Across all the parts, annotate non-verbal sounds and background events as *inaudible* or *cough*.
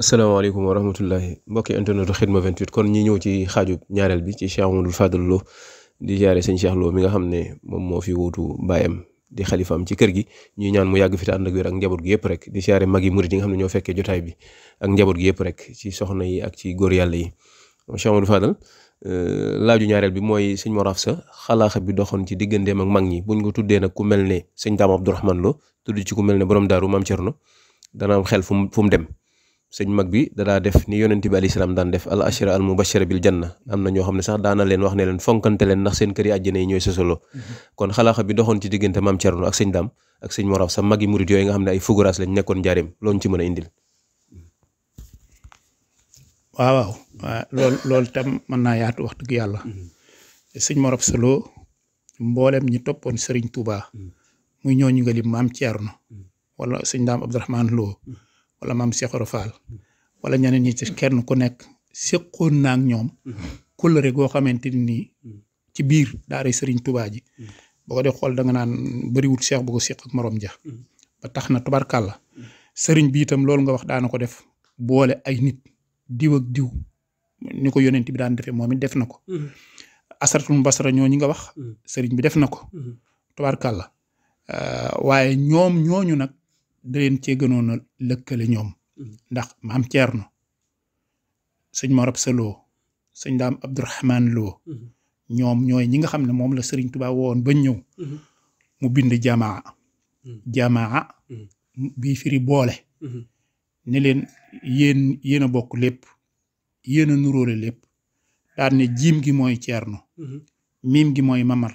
asalaamaaleykum wa rahmatullahi mbokki internetu Khidma 28 kon ñi ñëw ci xaaju ñaareel bi ci Cheikh Amadou Fadal loo di jaare sëñ Cheikh mi nga xam ne moom moo fi wuutu baayam di xalifaam ci kër gi ñuy ñaan mu yàgg fi te ànd ak wér njaboot gi yëpp rek di siyaare mag yi murid yi nga xam ne ñoo fekkee jotaay bi ak njaboot gi yëpp rek ci soxna yi ak ci góor yàlla yi Cheikh Amadou euh, laaju ñaareel bi mooy sëñ Mor sax xalaaxa bi doxoon ci digganteem ak mag ñi buñ ko tuddee nag ku mel ne sëñ Daam Abdourahmane loo tudd ci ku mel ne borom daaru Maam Cerno dana am xel fu mu fu mu dem sëñ mag bi dadaa def ni yonent bi alayhi salaam daan def al ashra al mubashara bil janna am na ñoo xam ne sax daana leen wax ne leen fonkante leen ndax seen kër yi àjjana yi ñooy sosoloo mhm. kon xalaaxa bi doxoon ci diggante maam Cerno ak sëñ Daam ak sëñ Moraw sa mag yi murit yooyu ne ay fuguraas lañ a indil lool loolu mën naa yaatu wax dëgg yàlla mhm. sëñ Moraw Solo mboolem ñi toppoon sëriñ Touba mhm. muy ñooñu nga maam Cerno wala sëñ Daam Abdourahmane Lo wala maam Cheikh Rafal wala ñeneen ñi ci kenn ku nekk seqoon naa ak ñoom kóllëre goo xamante ni ci biir daara Serigne Touba ji boo ko dee xool danga naan bëriwul seex bu ko seq ak morom ja ba tax na tubarkàlla sëriñ bi itam loolu nga wax daana ko def boole ay nit diw ak diw ni ko yonent bi daan defee moom it na ko asaratul mbasara ñoo bi def na ko mm-hmm. tubarkàlla waaye ñoom ñooñu nag da leen cee gënoon lëkkale ñoom mm-hmm. ndax maam Thierno sëñ Morab Sa Lo sëñ daam Abdourahman Lo mm-hmm. ñoom ñooy ñi nga xam ne moom la sëriñ Touba woon ba ñëw mm-hmm. mu bind jamaa jamaa bii firi boole ni leen yéen yéen bokk lépp yéen a lépp daan ne jiim gi mooy Thierno miim gi mooy Mamar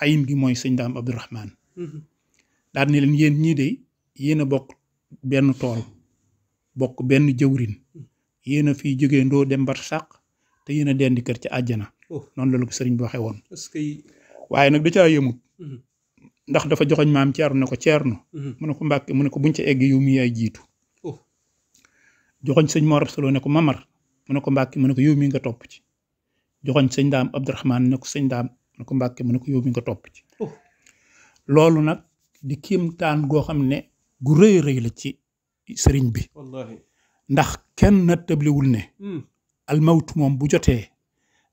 ayim gi mooy sëñ daam Abdourahman daan ne leen yéen ñii de yéen a bokk benn tool bokk benn jëwrin yéen a fiy jógee ndoo dem bar sàq te yéen dend kër ci àjjana oh. noonu la lu ko sëriñ bi waxee woon waaye nag da ca yëmut mm-hmm. ndax dafa joxoñ maam ceerno ne ko ceerno mm-hmm. mu ne ko mbàkke mu ne ko buñ ca egg yow yaay jiitu oh. joxoñ sëñ Mor Solo ne ko mamar mu ne ko mbàkke mu ne ko yow mi nga topp ci joxoñ sëñ daam Abdourahmane ne ko sëñ daam mu ne ko mbàkke mu ne ko yow mi nga topp ci oh. loolu nag di kiimtaan goo xam ne gu rëy rëy la ci sëriñ bi ndax kenn nattablewul ne hmm. almawt moom bu jotee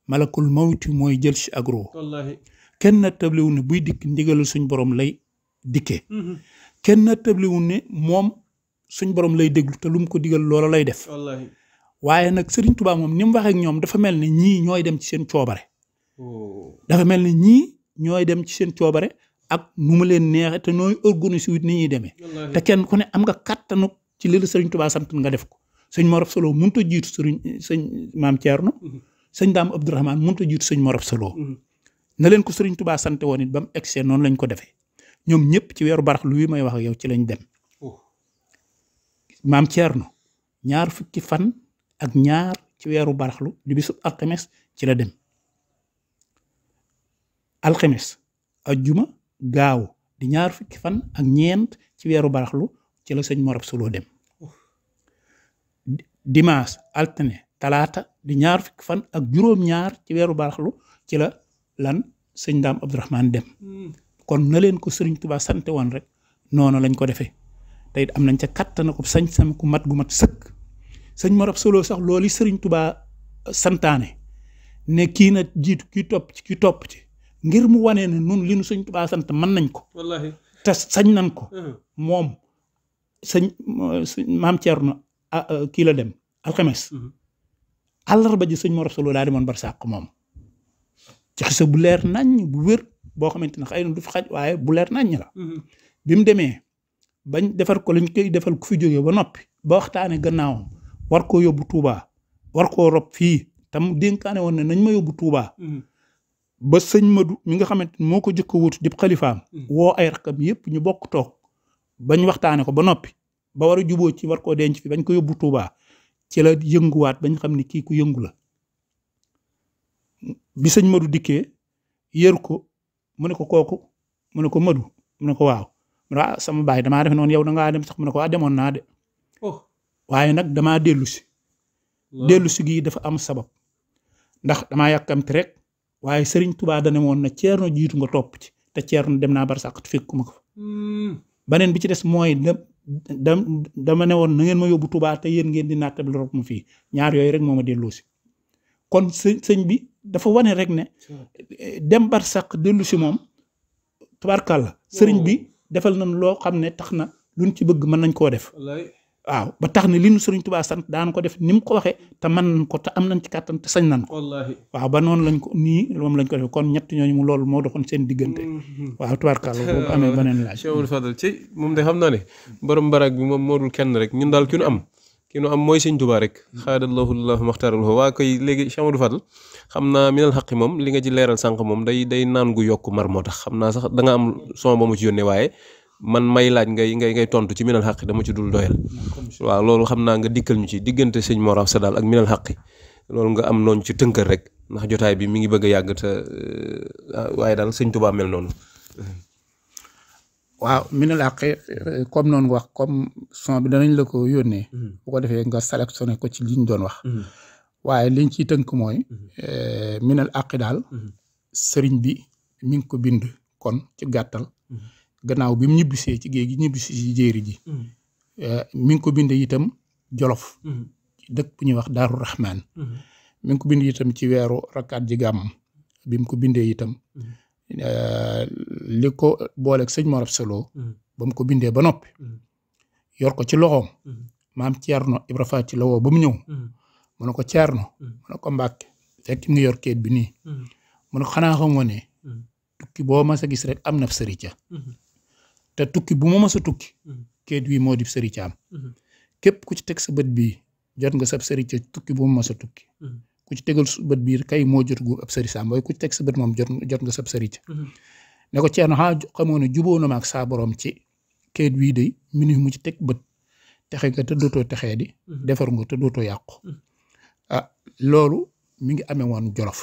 malakul mawti mooy jël si agro kenn nattablewul ne buy dikk ndigal suñ borom lay dikkee hmm. kenn nattablewul ne moom suñ borom lay déglu te lu mu ko digal loola lay def waaye nag sëriñ Tuubaa moom ni mu ñoom dafa mel ne ñii ñooy dem ci seen coobare oh. dafa mel ne ñii ñooy dem ci seen coobare ak nu ma leen neexe te nooy organiser wit ni ñuy demee te kenn ku ne am nga kattanu ci li la sëriñ Tuubaa sant nga def ko sëñ Mor Absa Lo mënut a jiitu sëriñ sëñ mhm. sëñ Daam Abdourahmane mënut a jiitu sëñ Mor Absa mhm. na leen ko sëriñ Tuubaa sant woon it ba mu egsee noonu lañ ko defee ñoom ñëpp ci weeru barax lu wi may wax ak yow ci lañ dem oh. maam Thierno ñaar fukki fan ak ñaar ci weeru baraxlu di bisub alxemes ci la dem alxemes ajjuma gaaw di ñaar fukki fan ak ñeent ci weeru baraxlu ci la sëñ Morab Suloo dem dimaas altine talaata di ñaar fukki fan ak juróom-ñaar ci weeru baraxlu ci la lan sëñ Ndaam Abdourahman dem hmm. kon na leen ko sëriñ tubaa sante woon rek noonu lañ ko defee te am nañ ca kattana ko sañ sam ku mat gu mat sëkk sëñ Morab Suloo sax loolu sëriñ tubaa santaane ne kii na jiitu ki topp ci kii topp ngir mu wanee ne nun linu nu sëñ Tuubaa sant mën nañ ko wallaahi te sañ nañ ko uh-huh. moom sëñ maam Ceerno kii la dem alxames uh-huh. àllarba ji sëñ Mor Solo daa demoon barsàq moom ci xisa bu leer naññ bu wér boo xamante ne xëy na du fi xaj waaye bu leer naññ la uh-huh. bi mu demee bañ defar ko lañ koy defal ku fi jógee ba noppi ba waxtaane gannaawam war koo yóbbu Tuubaa war koo rob fii tam dénkaane woon na nañ ma yóbbu Tuubaa ba sëñ Madu mi nga xamante ni moo ko jëkk a wut di xalifaam mm. woo ay rakam yépp ñu bokk toog bañ waxtaane ko ba noppi ba war a juboo ci war koo denc fi bañ ko yóbbu Tuubaa ci la yënguwaat bañ xam ne kii ku yëngu la bi sëñ Madu dikkee yër ko mu ne ko kooku mu ne ko Madu mu ne ko waaw mu ne ah, sama baay damaa def noon yow da dem sax mu ne ko waa ah, demoon naa de oh. waaye nag damaa dellu si dellu si gii dafa am sabab ndax damaa yàkkamti rek waaye sëriñ Touba dane woon na Ceerno jiitu nga topp ci te ceer na dem naa barsàq fekkuma ko fa. Hmm. beneen bi ci des mooy da dama ne woon na ngeen ma yóbbu Touba te yéen ngeen di naatable rek mu fii ñaar yooyu rek moo ma delloosi kon sëñ bi dafa wane rek ne dem barsàq dellu si moom tubaarkàlla sëriñ bi defal na loo xam ne tax na luñ ci bëgg mën nañ koo def. waaw ba tax ne li nu sëriñ Tuubaa sant daan ko def ni mu ko waxee te man nañ ko te am nañ ci kàttan sañ nañ ko. wallaahi waaw ba noonu lañ ko nii moom lañ ko defee kon ñett ñooñu mu loolu moo doxoon seen diggante. Mhm. waaw tubaarkàlla boobu *laughs* beneen laaj. moom de xam naa ne borom barak bi moom moo dul kenn rek ñun daal ki nu am. ki nu am mooy sëñ Tuubaa rek xaadallahu llahu maxtaaralhu waa koy léegi Cheikh Amadou Fadal xam naa minal xaqi moom li nga ci leeral sànq moom day day naan gu yokk mar moo tax xam naa sax danga am son ba mu ci yónnee waaye man may laaj ngay ngay ngay tontu ci minal xaqi dama ci dul doyal waaw loolu xam naa nga dikkal ñu ci diggante sëñ Mor Asta daal ak minal xaqi loolu nga am noonu ci tënkal rek ndax jotaay bi mi ngi bëgg a euh, ah, waaye daal sëñ Tuubaa mel noonu. waaw minal xaqi comme noonu wax comme son danañ la ko yónnee. Hmm. bu defee nga sélectionné ko ci liñ doon wax. Hmm. waaye liñ ciy tënk mooy hmm. euh, minal xaqi daal bi mi ngi ko bind kon ci gàttal. gannaaw bi mu ñibbisee ci géej gi ñibbisi ci jéeri ji. Mm. Eh, mi ngi ko bindee itam jolof. Mm. dëkk bu wax Daaru Rahman. Mm. mi ko bindee itam ci weeru rakkaat ji gàmm bi mu ko bindee eh, ko booleeg sëñ Mor ba mu ko bindee ba noppi. yor ko ci loxoom. maam Thierno Ibra Faty la woo ba mu ñëw. mu ne ko Thierno. mu ne ko Mbàkke fekk mu ngi yor keet bi nii. mu ne ko xanaa xam nga tukki boo ma gis rek am na sëri te tukki bu ma mës a tukki mhm. wii moo di sëri caam mhm. képp ku ci teg sa bët bii jot nga sab sëri tukki bu mu mës a tukki mhm. ku ci tegal sa bët bii kay moo jot gu ab sëri waaye ku ci teg sa bët moom jot jot nga sab sëri ca ne ko Ceerno xaa xamoo ne jubóo na ma ak saa borom ci Kédougou wii day minif mu ci teg bët texe nga te dootoo texee di defar nga te yàqu ah, loolu mi ngi amee woon jolof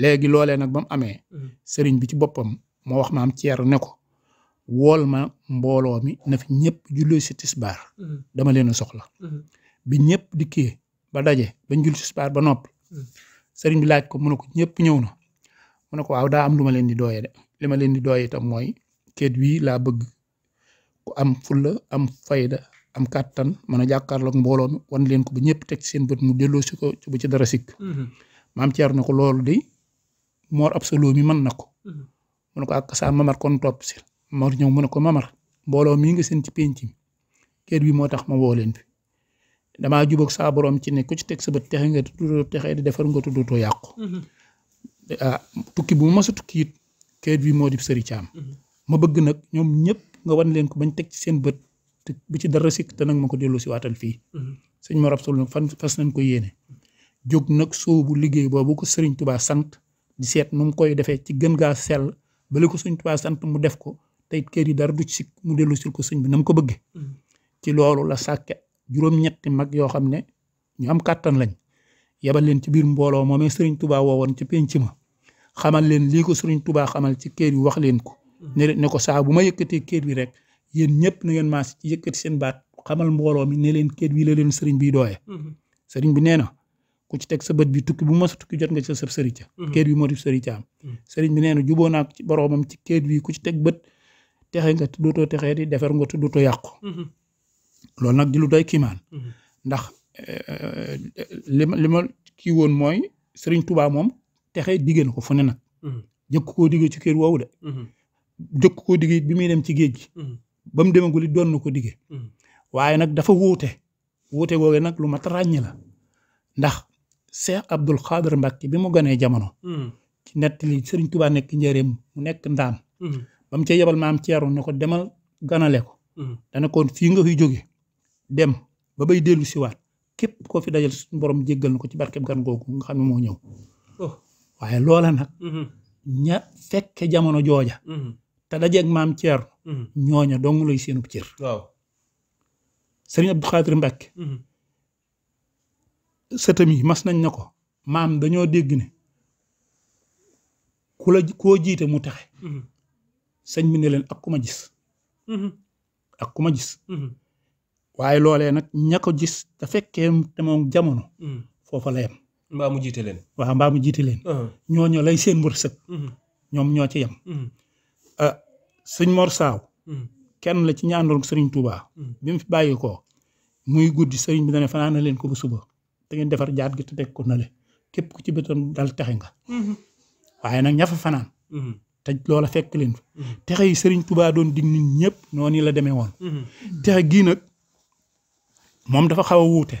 léegi loole nag ba mu amee sëriñ bi ci boppam moo wax maam Ceerno ne wool ma mbooloo mi na fi si tisbaar mm-hmm. dama leen a soxla mm-hmm. bi ñëpp dikkee ba daje bañ julli si tisbaar ba noppi mm-hmm. sëriñ bi laaj ko mu ne ko ñëpp ñëw na mu ne waaw daa am lu ma leen di dooyee de li ma leen di dooyee itam mooy kéet wii laa bëgg am fulla am fayda am kàttan mën a jàkkaarloog mbooloo mi wan leen ko ba ñëpp teg ci seen bët mu delloo si ko bu ci dara sikk maam Ceer ne ko loolu de moor ab mi mën na ko mu ko ak saan mamar kon topp si Mor ñëw mu ko Mamar mbooloo mii nga seen ci penc mi kër bi moo ma woo leen fi damaa jubóog ci ne ci teg sa bët texe nga tuddoo texe di defar nga tuddutoo yàqu. Mhm. ah tukki ma sa tukki it bi moo di sëri caam mhm. ma bëgg nag ñoom ñëpp nga wan leen ko bañ teg ci seen bët bu ci dara sikk te nag ma ko dellu si waatal fii. Mhm. sëñ Mor Absolu nag ko yéene. jóg nag soobu liggéey boobu ko Serigne Touba sant di seet nu mu koy defee ci gën gaa sell bali ko Serigne Touba sant mu def ko. tey kër yi dara du ci mu dellu sil ko sëñ bi na mu ko bëgge mm. ci loolu la sàkke juróom-ñetti mag yoo xam ne ñu am kàttan lañ yebal leen ci biir mbooloo moomee sëriñ tubaa woowoon ci penc ma xamal leen lii ko sëriñ tubaa xamal ci kër yi wax leen ko mm. ne ne ko saa bu ma yëkkatee kër bi rek yen ñëpp na ngeen maas ci yëkkati seen baat xamal mbooloo mi ne leen kër wi la leen sëriñ bi dooye mm-hmm. sëriñ bi nee na ku ci teg sa bët bi tukki bu ma sa tukki jot nga ci sa sëb sëriñ ca mm-hmm. kër mm. bi moo ku ci teg bët texe nga tuddutoo texee di defar nga tuddutoo yàqu mhm. loolu nag di lu doy kiimaan mhm. ndax eh, li ma li ma kii woon mooy sëriñ tubaa moom texe diggée na ko fu ne nag mhm. jëkk koo diggee ci kër woowu de jëkk koo diggee bi muy dem ci géej gi ba mu doon na ko diggee waaye nag dafa wuute wuute googe nag lu mat ràññi la ndax Cheikh Abdul Xaadir Mbàkke bi mu ganee jamono ci nettali sëriñ nekk njëreem mu nekk ndaam ba mu ca yebal maam Thierno ne ko demal ganale ko. Hmm. dana kon fii nga fiy jóge dem ba bay dellu siwaat képp koo fi dajal suñu borom jéggal na ko ci barkeb gan googu nga xam moo ñëw. Oh. waaye loola nag. Hmm. ña fekke jamono jooja. Hmm. te dajeeg maam Thierno. ñooña dong lay seenub cër. waaw sëriñ Abdou Khadir Mbacke. sëtam yi mas nañ na ko maam dañoo dégg ne ku la koo jiite mu texe. sëñ bi ne leen ak ku ma gis. Mm-hmm. ak ku ma gis. Mm-hmm. waaye loole nag ña ko gis te moom jamono. Mm-hmm. foofa la mbaa mu jiite leen. waaw mbaa mu jiite leen. Uh-huh. ñooñu lay seen wërsëg. ñoom ñoo ci yem. ah sëñ Saaw. kenn la ci ñaandoon sëriñ Touba. bi mu fi bàyyi ko muy guddi sëriñ bi dana fanaan leen ko ba suba da ngeen defar jaat gi te teg na le képp ku ci bëtam dal texe nga. waaye nag ña fanaan. te loola fekk leen texe yi sëriñ Touba doon dig nit ñëpp noonu la demee woon. texe gii nag moom dafa xaw a wuute.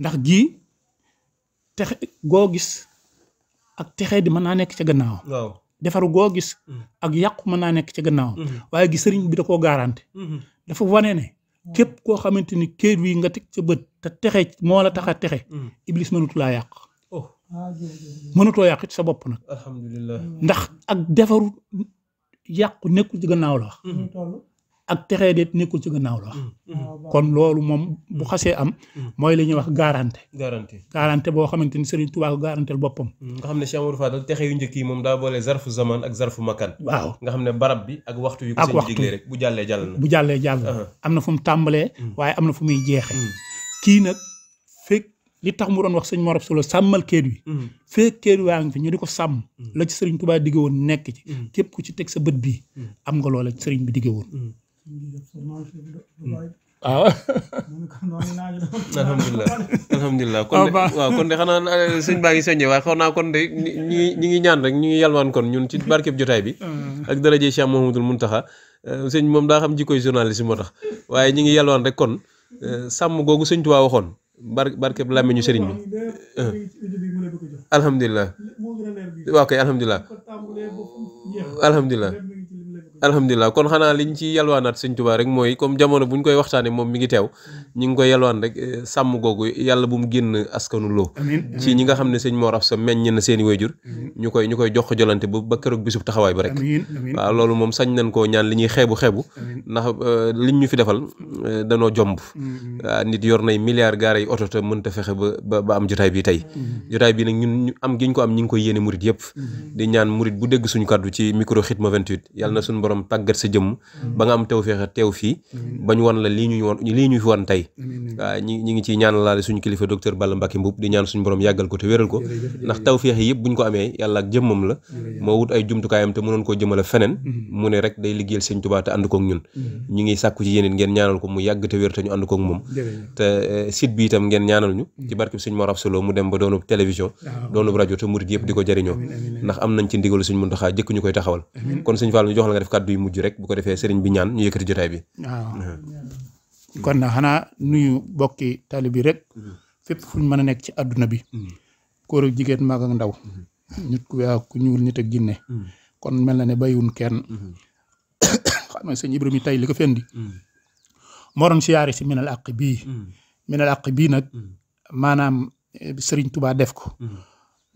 ndax gii texe goo gis ak texe di mën naa nekk ci gannaaw. waaw defaru goo gis. Mm. ak yàqu mën naa nekk ci gannaaw. Mm-hmm. waaye gi sëriñ bi da koo garanti. Mm-hmm. dafa wane ne képp koo xamante ni kër wi nga teg ca bët te texe moo la tax a texe. Mm-hmm. Iblis mënut laa yàq. mënatoo yàq sa bopp nag. alhamdulilah ndax ak defaru yàqu nekkul ci gannaaw la wax. Mm-hmm. ak texee deet nekkul ci gannaaw la wax. Mm-hmm. Ah, kon loolu moom bu mm-hmm. xasee am. mooy li ñuy wax garantie. garantie garantie boo xamante ni Serigne Touba ko garanteel boppam. nga xam ne Cheikh Amadou Fadal texe yu njëkk yi moom daa boole zarfu zaman ak zarfu makan. waaw nga xam ne barab bi ak waxtu yu ko seen digle rek bu jàllee jàll na bu jàllee jàll na. Uh-huh. am na fu mu tàmbalee. Mm. waaye am na fu muy jeexee. Mm. kii nag. li tax mu doon wax sëñ Mor Absa sàmmal kéet wi mm-hmm. feek kéet ñu di ko sàmm mm-hmm. la ci sëriñ Tuubaa digge woon nekk ci mm-hmm. képp ku ci teg sa bët bii am nga loola sëriñ bi digge woon waaw ah. *laughs* alhamdulilah alhamdulilah kon de waaw kon de euh, baa ngi soññee waaye naa kon de ñi ngi ñaan rek ñu ngi yalwaan kon ñun ci barkeb jotaay bi mm. ak darajee Cheikh Mouhamadoul Mountakha euh, sëñ moom daa xam jikkoy journaliste moo tax waaye ñi ngi yalwaan rek kon euh, sàmm googu sëñ Tuubaa waxoon bar barkeb làmmiñu sëriñ bi alhamdulilah waaw kay alhamdulilah alhamdulilah kon xanaa liñ ci yalwaanaat sëñ Tuubaa rek mooy comme jamono bu ñu koy waxtaanee moom mi ngi teew mm-hmm. ñu ngi koy yalwaan rek eh, sàmm googu yàlla bu mu génn askanu loo ci ñu ba ba keroog bisub taxawaay ba rek waaw loolu moom sañ nañ koo ñaan li ñuy xeebu xeebu ndax eh, liñ ñu fi defal eh, danoo jomb mm-hmm. waaw nit yor nay milliards gaare yi oto te mënta fexe ba ba am jotaay bi tey mm-hmm. jotaay bi nag ñun am giñ ko am ñi ngi koy yéene murit yëpp di ñaan murit bu dégg suñu kàddu ci micro Khidma 28 yàlla na suñu borom borom tàggat sa jëmm mm-hmm. ba nga am tew feexe teew fii mm-hmm. bañ wan la lii ñuy wan lii ñu fi wan tey mm-hmm. waaw ñi ñi ngi ciy ñaanal laale suñu kilifa docteur Balla Mbacké Mbuub di ñaan suñu borom mu ne rek day liggéeyal sëñ Tuubaa te kook ñun ñu ngi sàkku ci yéneen eh, ngeen ñaanal ñu ci barkeb sëñ Mor Absolo mu dem ba doonub télévision doonub rajo te murid yëpp di ko jëriñoo ndax am nañ ci ndigalu sëñ Muntaxa taxawal kon sëñ nga def kàddu yu mujj rek bu ko defee sëriñ bi ñaan ñu yëkkati jotaay bi. waaw kon na xanaa nuyu bokki tali bi rek. fépp fu ñu mën a nekk ci àdduna bi. Mm-hmm. ko ak jigéen mag ak ndaw. Mm-hmm. nit ku weex ku ñuul nit ak ginne. Mm-hmm. kon mel na ne bàyyiwun kenn. *coughs* xam nga li ko fendi moo doon siyaare si minal àq bii. minal àq bii eh, sëriñ Touba def ko.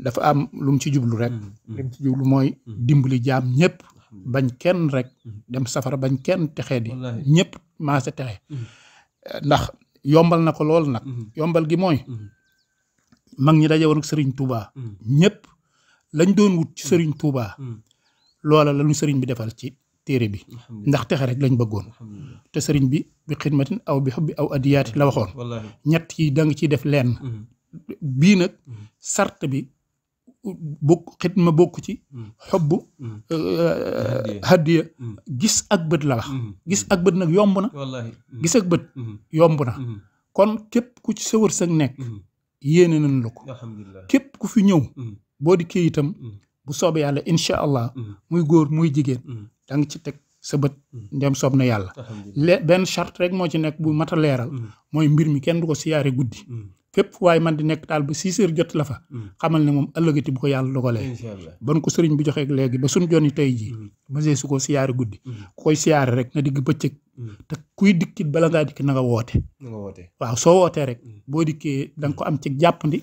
dafa am lu mu ci jublu rek. li ci jublu mooy dimbali jaam ñëpp. bañ kenn rek dem safara bañ kenn texee di ñëpp maase texe ndax yombal na ko lool nag mhm. yombal gi mooy mhm. mag ñi daje woon sëriñ Touba mhm. ñëpp lañ doon wut ci sëriñ Touba loola lañu sëriñ bi defal ci téere bi ndax texe rek lañ bëggoon te sëriñ bi bi xidmatin aw bi xubbi aw adiyaati la waxoon ñett yi da nga ciy def lenn bii nag sart bi bokk ma bokk ci mm. xobb mm. euh, hadiya mm. gis ak bët la wax gis ak bët nag yomb na gis ak bët yomb na kon képp ku ci sa wërsëg nekk yéene nañ la ko képp ku fi ñëw boo di kayitam bu soobee yàlla incha allah muy góor muy jigéen da nga ci teg sa bët ndem soob na yàlla benn charte rek moo ci nekk bu mat a leeral mooy mbir mi kenn du ko siyaare guddi fépp waaye man di nekk daal bu six heures jot la fa mm. xamal ne moom ëllëgati bu ko yàlla dogalee ban ko sëriñ bi joxee léegi ba suñ joni tey jii mm. masee su ko siyaare guddi mm. ku koy na digg bëccëg te woote waaw boo dikkee da nga ko am ci jàppandi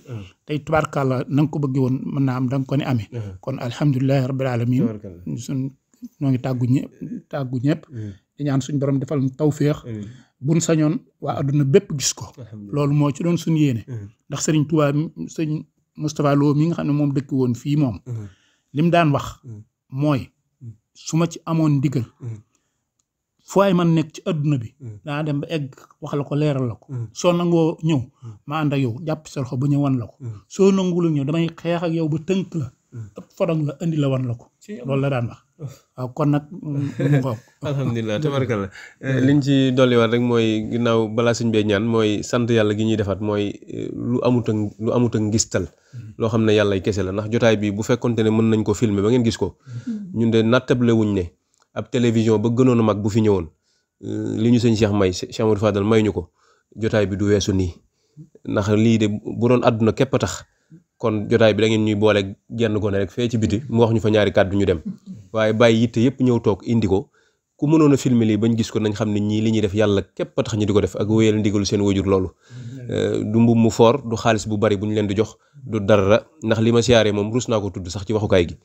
tey tubaarkàlla na nga ko bëggee woon mën naa am da nga ko ne amee kon alhamdulilahi rabbil alamin suñ noo ngi tàggu ñëpp tàggu ñëpp di ñaan suñu borom defal ñu tawféex buñ sañoon waa adduna bépp gis ko loolu moo ci doon suñu yéene ndax sëriñ Tuubaa sëñ Moustapha mi nga xam ne moom dëkk woon fii moom li mu daan wax mooy su ma ci amoon ndigal fu man nekk ci adduna bi daa dem ba egg wax la ko leeral la ko soo nangoo ñëw ma ànd ak yow jàpp sa loxo ba ñëw wan la ko soo nanguwul ñëw damay xeex ak yow ba tënk la ëpp fodog la indi la wan la ko loolu la daan wax waaw kon nag mu ngoog alhamdulilah tabarakallah eh, liñ ci dolliwaat rek mooy ginnaaw balaa suñ bee ñaan mooy sant yàlla gi ñuy defaat mooy eh, lu amut ak lu amut ngistal mm-hmm. loo xam ne yàlla kese la ndax jotaay bi bu fekkonte ne mën nañ ko filmer ba ngeen gis ko mm-hmm. ñun de nattable wuñ ne ab télévision ba gënoon a mag bu fi ñëwoon eh, li ñu sëñ Cheikh may Cheikh Amadou may ñu ko jotaay bi du weesu nii ndax lii de bu doon àdduna képp a tax kon jotaay bi da ngeen ñuy boole genn gone rek fee ci biti mu wax ñu fa ñaari kàddu ñu dem waaye bàyyi yitte yëpp ñëw toog indi ko ku mënoon a filmer lii bañ gis ko nañ xam ne ñii li ñuy def yàlla képp a tax ñu di ko def ak wéyal ndigalu seen wajur loolu euh, du mbub mu foor du xaalis bu bari bu ñu leen di jox du dara ndax li ma siyaaree moom ruus naa ko tudd sax ci waxukaay gi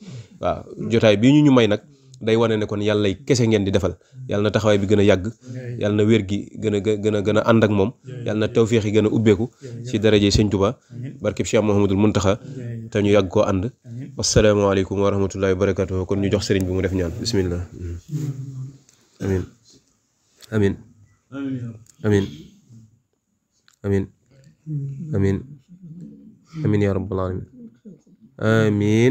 waaw jotaay bii ñu ñu may nag day wane ne kon yàlla kese ngeen di defal yàlla na taxawaay bi gën a yàgg yàlla na wér gi gën a gën a gën a ànd ak moom yàlla na tawféex yi gën a ubbeeku ci daraje sëñ Tuubaa barkeb Cheikh Mouhamadul Muntaxa te yàgg koo ànd wasalaamaaleykum wa rahmatullahi kon ñu jox sëriñ bi mu def ñaan bismillah amin amin amin amin amin